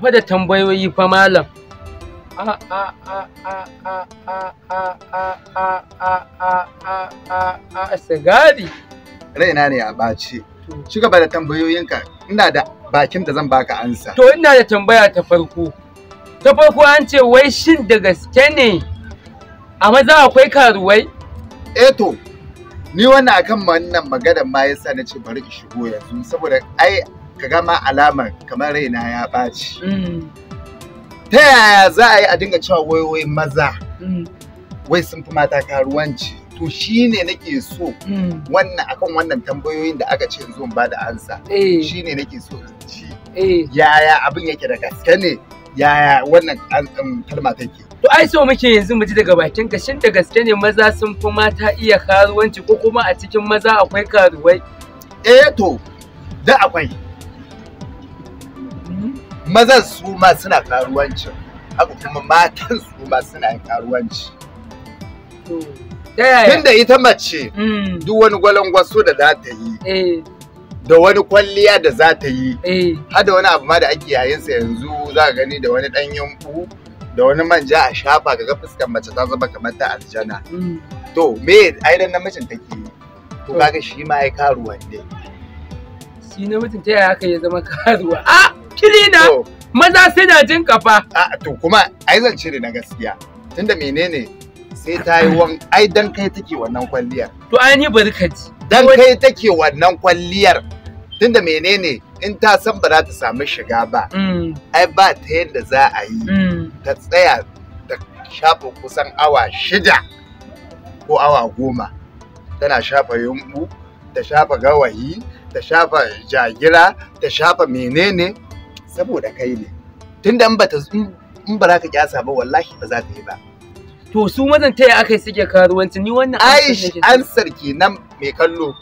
fa da tambayoyi fa malam a sigari raina ne a ɓaci ci gaba da tambayoyinka ina da bakin da zan baka ansa to ina da tambaya ta farko ta farko an ce wai shin da gaske ne a maza akwai karuwai eto eh ni wannan akan wannan maganar ma yasa na ce bari in shigo yanzu saboda ai ka gama alamar kamar raina ya ɓaci mm. ta yaya za a yi a dinga cewa wai wai maza mm. wai sun fi mata karuwanci to ne nake so mm. wannan akan wannan tambayoyin da aka ce zo ba da ansa eh. Shi ne nake so in ci eh. yaya abin yake da gaske ne yaya wannan kalma take to ai so muke yanzu mu ji daga bakin ka shin da gaske ne maza sun fi mata iya karuwanci ko kuma a cikin maza akwai karuwai eh to da akwai mazan su ma suna karuwanci haka kuma matan su ma suna karuwanci tunda ita mace mm. duk wani gwalangwaso da za ta yi eh. da wani kwalliya da za ta yi eh. har da wani abu ma da ake yayinsa yanzu za ka gani da wani ɗan yanku da wani manja a shafa ga fuskar mace ta zama kamar ta aljana mm. to me ainihin namijin take yi to kaga shi ma ya karuwa ne shi namijin ta yaya aka ya zama karuwa ah! jinkiri na maza da jin kafa a to kuma ai zan cire na gaskiya tunda menene sai ta yi wan ai dan kai take wannan kwalliyar to ai ni bari ka ji dan kai take wannan kwalliyar tunda menene in ta san ba za ta samu shiga ba mm. ai ba ta yadda za a yi mm. ta tsaya ta shafa kusan awa shida ko awa goma tana shafa yumbu ta shafa gawayi ta shafa jagira ta shafa menene saboda kai ne tunda in in ba za ka kyasa ba wallahi ba za ka yi ba to su mazan taya aka yi suke karuwanci ni wannan Aish ansar kenan mai kallo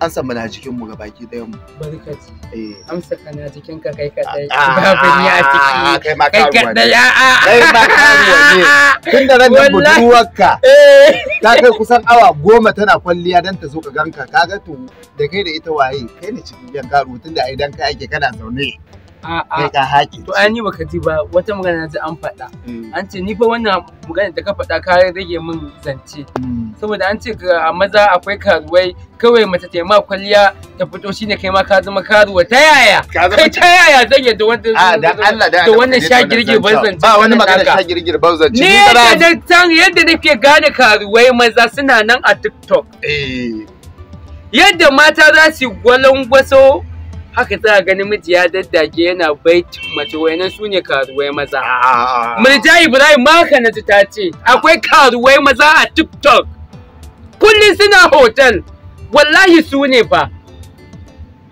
an samu na jikin mu gabaki ɗayan mu barkati eh amsa kana jikin ka kai kadai ah, babu ni a ah, ciki ah, kai ma kai kadai kai ma kai ne tunda nan da budurwarka eh. ta kai kusan awa goma tana kwalliya dan ta zo ka ganka ga to da kai da ita waye kai ne cikin yan karo tunda ai dan kai ake kana zaune kai ka haƙi to an yi baka ji ba wata magana ta an faɗa mm. an ce ni fa wannan magana da ka faɗa ka rage min zance mm. saboda an ce a maza akwai karuwai kawai mata ta kwalliya ta fito shine kai ma ka zama karuwa ta yaya kai ta yaya zan yadda wannan a dan Allah da da wannan shagirgir ban zance ba wani magana shagirgir ban zance ni da dan san yadda nake gane karuwai maza suna nan a TikTok eh yadda mata za su gwalangwaso haka za ga miji ya daddage yana baitin mace wayannan su ne karuwai maza. Murja Ibrahim maka na ta ce akwai karuwai maza a TikTok. Kullum suna hotel wallahi su ne fa.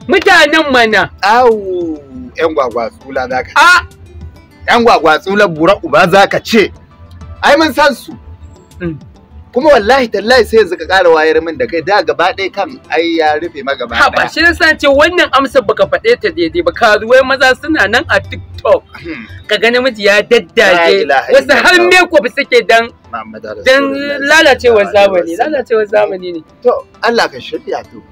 Mutanen mana. Awo ‘yan gwagwatsula za ka A! ‘Yan gwagwatsula bura uba za ka ce, ai mun san su. Mm. kuma wallahi tallahi sai yanzu ka ƙara wayar min da kai da gaba ɗaya kan ai ya rufe ma gaba ɗaya. Ba shi yasa ce wannan amsar baka faɗe ta daidai ba ruwai maza suna nan a TikTok. Hmm. Ka ga namiji ya daddaje wasu har makeup suke dan dan lalacewar zamani lalacewar zamani ne. To Allah ka shirya to.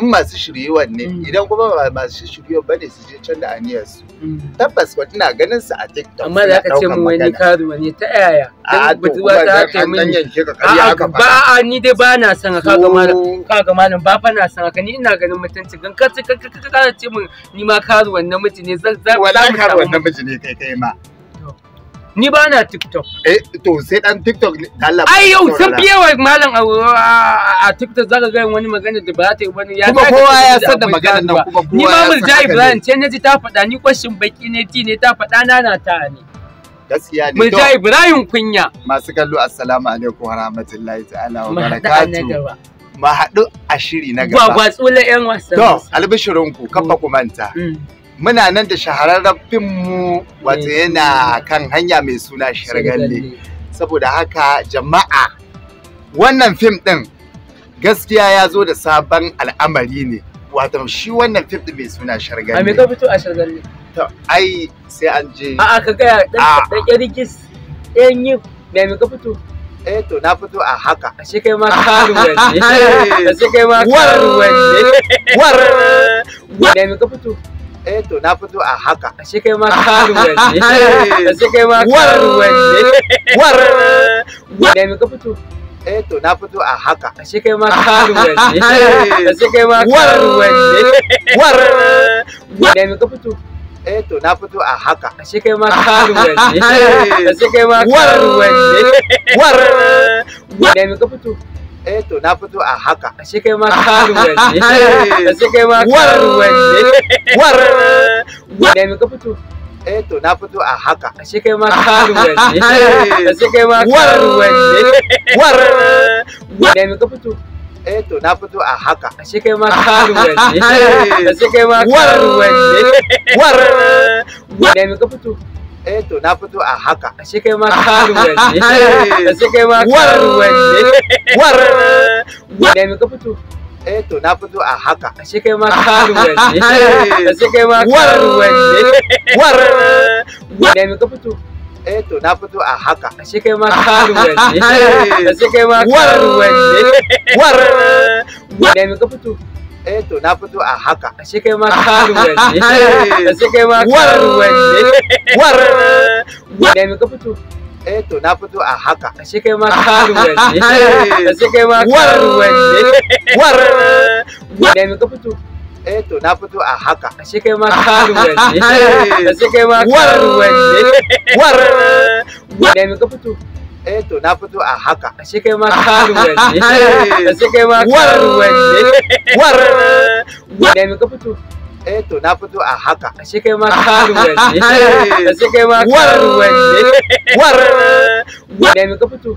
in masu shiryewan ne idan kuma masu shiryewan ba ne su je can da aniyar su tabbas wata na ganin su a tiktok amma da aka ce mu wani kazu wani ta yaya dan buduwa ta haka mun ba a ni dai ba na san ka ga malam ka ga malam ba fa na san ka ni ina ganin mutunci gan ka ka ka ce mu ni ma kazu wannan miji ne zan zan wala kazu wannan miji ne kai kai ma Ni ba na TikTok. Eh, to sai dan TikTok Allah. Ai yau sun fi yawa malam a TikTok zaka ga wani magana da ba ta yi wani ya Kuma kowa ya san da maganar nan kuma kowa. Ni ma Murja Ibrahim ce naji ta faɗa ni kwashin baki ne ti ne ta faɗa na na ta ne. Gaskiya ne. Murja Ibrahim kunya. Masu kallo assalamu alaikum wa rahmatullahi ta'ala wa barakatuh. Ma haɗu a shiri na gaba. Gwagwatsu la 'yan wasan. To, albishirinku, kafa ku manta. Mm. muna nan da shahararren fim mu wato eh. yana kan hanya mai suna shirgalle saboda haka jama'a wannan fim din gaskiya ya zo da sabon al'amari ne wato shi wannan fim din mai suna shirgalle a me ka fito a shirgalle to ai sai an je a'a ka ga dan dan rigis dan yi me ka fito eh to na fito a haka ashe kai ma karuwan ne ashe kai ma karuwan ne war da me ka fito eh to na fito a haka ashe kai ma karuwan a ashe kai ma karuwan ne war da me ka fito eh to na fito a haka ashe kai ma kai ma war da me ka fito eh to na fito a haka ashe kai ma karuwanci ashe kai ma karuwanci war war da me ka fito eh to na fito a haka ashe kai ma karuwanci ashe kai ma karuwanci war war da me ka fito eh to na fito a haka ashe kai ma karuwanci ashe kai ma karuwanci war war da me ka fito eh to na fito a haka ashe kai ma karuwanci ashe kai ma karuwanci war war da me ka fito eh to na fito a haka ashe kai ma karuwanci ashe kai ma karuwanci war war da me ka fito eh to na fito a haka ashe kai ma karuwanci kai ma war war da me ka fito eh to na fito a haka ashe kai ma karuwan ne ashe kai ma karuwan ne war da me ka fito eh to na fito a haka ashe kai ma karuwan ne ashe kai ma karuwan ne war da me ka fito eh to na fito a haka ashe kai ma ne kai ma ne war da me ka fito eh to na fito a haka ashe kai ma ne. ashe kai ma karuwanci war war da me ka fito eh to na fito a haka ashe kai ma karuwanci ashe kai ma karuwanci war war da me ka fito eh to na fito a haka ashe kai ma karuwanci ashe kai ma karuwanci war war da me ka fito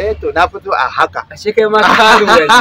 eh to na fito a haka ashe kai ma